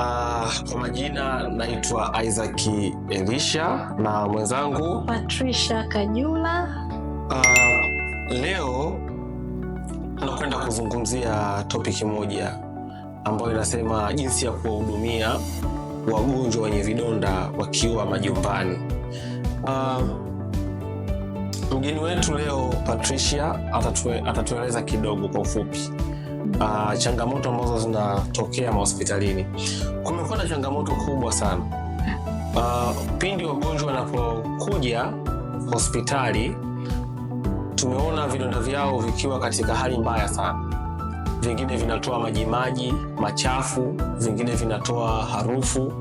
Uh, kwa majina naitwa Isaac Elisha na mwenzangu Patricia Kajula. Uh, leo tunakwenda kuzungumzia topiki moja ambayo inasema jinsi ya kuwahudumia wagonjwa wenye vidonda wakiwa majumbani. Uh, mgeni wetu leo Patricia atatue, atatueleza kidogo kwa ufupi uh, changamoto ambazo zinatokea mahospitalini. Kumekuwa na changamoto kubwa sana uh, pindi wagonjwa wanapokuja hospitali. Tumeona vidonda vyao vikiwa katika hali mbaya sana, vingine vinatoa majimaji machafu, vingine vinatoa harufu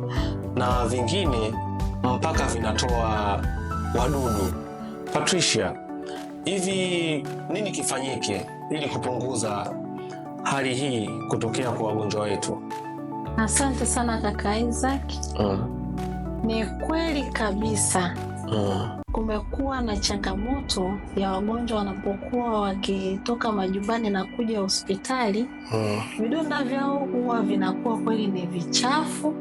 na vingine mpaka vinatoa wadudu. Patricia, hivi nini kifanyike ili kupunguza hali hii kutokea kwa wagonjwa wetu. Asante sana kaka Isaac. Mm. Ni kweli kabisa. Mm. Kumekuwa na changamoto ya wagonjwa wanapokuwa wakitoka majumbani na kuja hospitali. Mm. Vidonda vyao huwa vinakuwa kweli ni vichafu,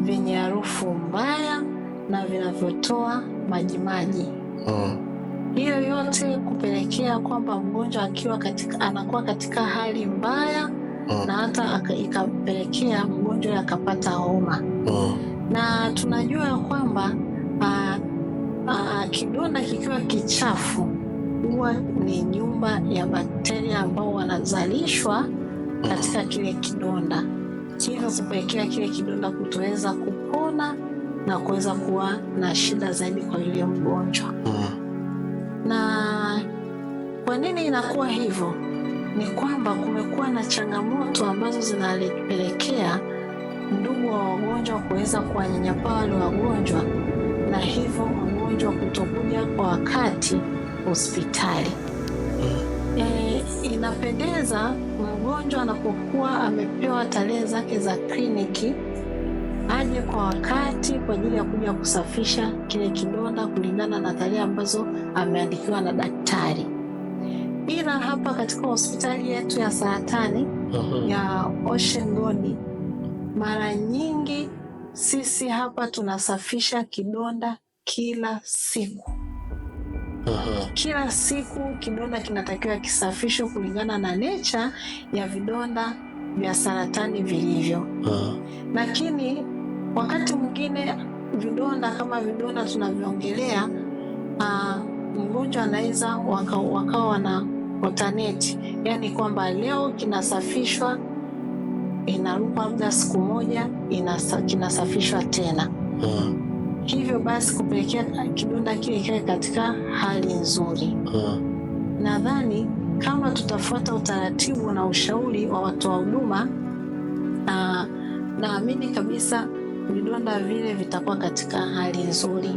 vyenye harufu mbaya na vinavyotoa majimaji. Mm. Hiyo yote kupelekea kwamba mgonjwa akiwa katika, anakuwa katika hali mbaya mm. na hata ikapelekea mgonjwa akapata homa mm. na tunajua kwamba ah, ah, kidonda kikiwa kichafu huwa ni nyumba ya bakteria ambao wanazalishwa mm. katika kile kidonda, hivyo kupelekea kile kidonda kutoweza kupona na kuweza kuwa na shida zaidi kwa yule mgonjwa mm. Na kwa nini inakuwa hivyo? Ni kwamba kumekuwa na changamoto ambazo zinapelekea ndugu wa wagonjwa kuweza kuwanyanyapaa wale wagonjwa, na hivyo wagonjwa kutokuja kwa wakati hospitali. E, inapendeza mgonjwa anapokuwa amepewa tarehe zake za kliniki aje kwa wakati kwa ajili ya kuja kusafisha kile kidonda kulingana na tarehe ambazo ameandikiwa na daktari. Ila hapa katika hospitali yetu ya saratani ya Ocean Road mara nyingi sisi hapa tunasafisha kidonda kila siku. Aha. Kila siku kidonda kinatakiwa kisafishwe kulingana na nature ya vidonda vya saratani vilivyo. Aha. Lakini Wakati mwingine vidonda kama vidonda tunavyoongelea, uh, mgonjwa anaweza wakawa waka wana otaneti, yaani kwamba leo kinasafishwa inarukwa labda siku moja inasa, kinasafishwa tena hmm. Hivyo basi kupelekea kidonda kile kiwe katika hali nzuri hmm. Nadhani kama tutafuata utaratibu na ushauri wa watoa huduma, ah, naamini kabisa vidonda vile vitakuwa katika hali nzuri.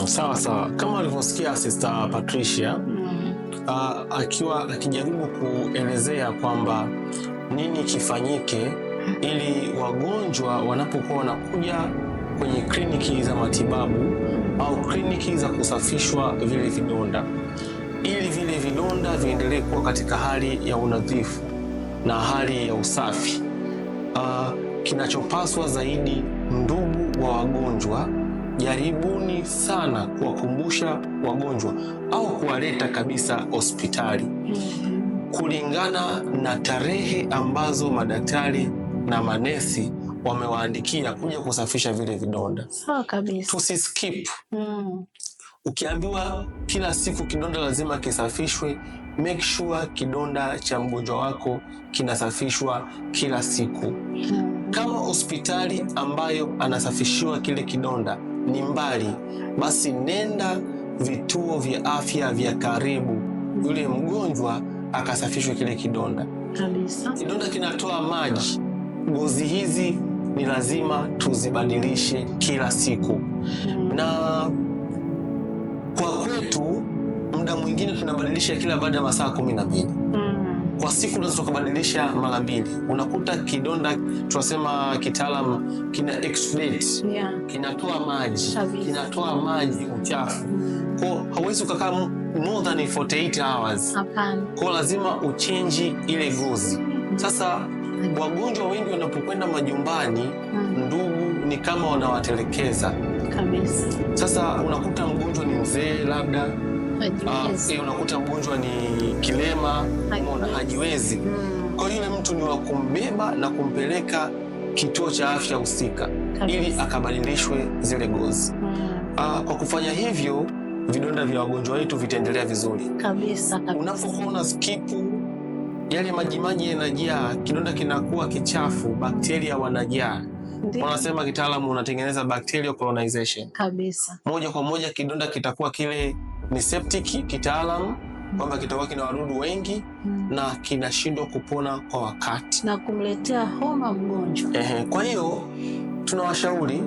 Uh, sawa sawa, kama alivyosikia Sister Patricia mm. uh, akiwa akijaribu kuelezea kwamba nini kifanyike ili wagonjwa wanapokuwa wanakuja kwenye kliniki za matibabu mm-hmm. au kliniki za kusafishwa vile vidonda, ili vile vidonda viendelee kuwa katika hali ya unadhifu na hali ya usafi, uh, kinachopaswa zaidi ndugu wa wagonjwa, jaribuni sana kuwakumbusha wagonjwa au kuwaleta kabisa hospitali mm-hmm. kulingana na tarehe ambazo madaktari na manesi wamewaandikia kuja kusafisha vile vidonda. Sawa kabisa. Tusiskip. Mm. Ukiambiwa kila siku kidonda lazima kisafishwe, make sure kidonda cha mgonjwa wako kinasafishwa kila siku. Mm. Kama hospitali ambayo anasafishiwa kile kidonda ni mbali, basi nenda vituo vya afya vya karibu, yule mgonjwa akasafishwe kile kidonda kabisa. Kidonda kinatoa maji, ngozi hizi ni lazima tuzibadilishe kila siku hmm. na kwa kwetu muda mwingine tunabadilisha kila baada ya masaa kumi na mbili kwa siku unaweza ukabadilisha mara mbili. Unakuta kidonda tunasema kitaalam kina exudate, yeah. kinatoa maji Shabit. kinatoa maji uchafu mm. kwa hauwezi ukakaa more than 48 hours. Hapana. lazima uchenji ile mm. Sasa wagonjwa wengi wanapokwenda majumbani mm. ndugu ni kama wanawatelekeza kabisa. Sasa unakuta mgonjwa ni mzee labda Ah, eh, unakuta mgonjwa ni kilema umeona, hajiwezi hmm. Kwa yule mtu ni wa kumbeba na kumpeleka kituo cha afya husika ili akabadilishwe zile gozi hmm. ah, kwa kufanya hivyo vidonda vya wagonjwa wetu vitaendelea vizuri kabisa kabisa. skipu yale majimaji yanajaa, kidonda kinakuwa kichafu, bakteria wanajaa wanasema kitaalamu unatengeneza bacterial colonization kabisa. Moja kwa moja kidonda kitakuwa kile ni septic kitaalamu hmm. kwamba kitakuwa kina wadudu wengi mm. na kinashindwa kupona kwa wakati na kumletea homa mgonjwa. Ehe, kwa hiyo tunawashauri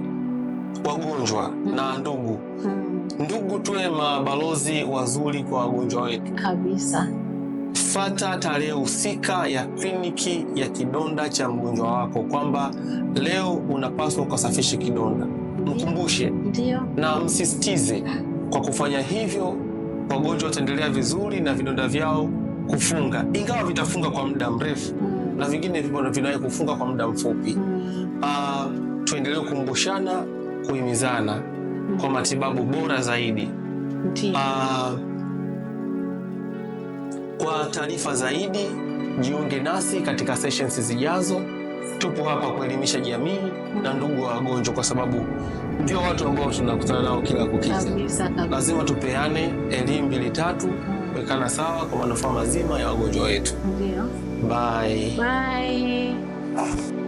wagonjwa mm. na ndugu mm. ndugu, tuwe mabalozi wazuri kwa wagonjwa wetu kabisa fata tarehe husika ya kliniki ya kidonda cha mgonjwa wako kwamba leo unapaswa ukasafishe kidonda. Mkumbushe ndio, na msisitize. Kwa kufanya hivyo, wagonjwa wataendelea vizuri na vidonda vyao kufunga, ingawa vitafunga kwa muda mrefu na vingine vinawahi kufunga kwa muda mfupi. Uh, tuendelee kukumbushana, kuhimizana kwa matibabu bora zaidi. Uh, kwa taarifa zaidi, jiunge nasi katika sessions zijazo. Tupo hapa kuelimisha jamii na ndugu wa wagonjwa, kwa sababu ndio watu ambao tunakutana nao kila kukicha. Lazima tupeane elimu mbili tatu, wekana sawa kwa manufaa mazima ya wagonjwa wetu. Bye. Bye.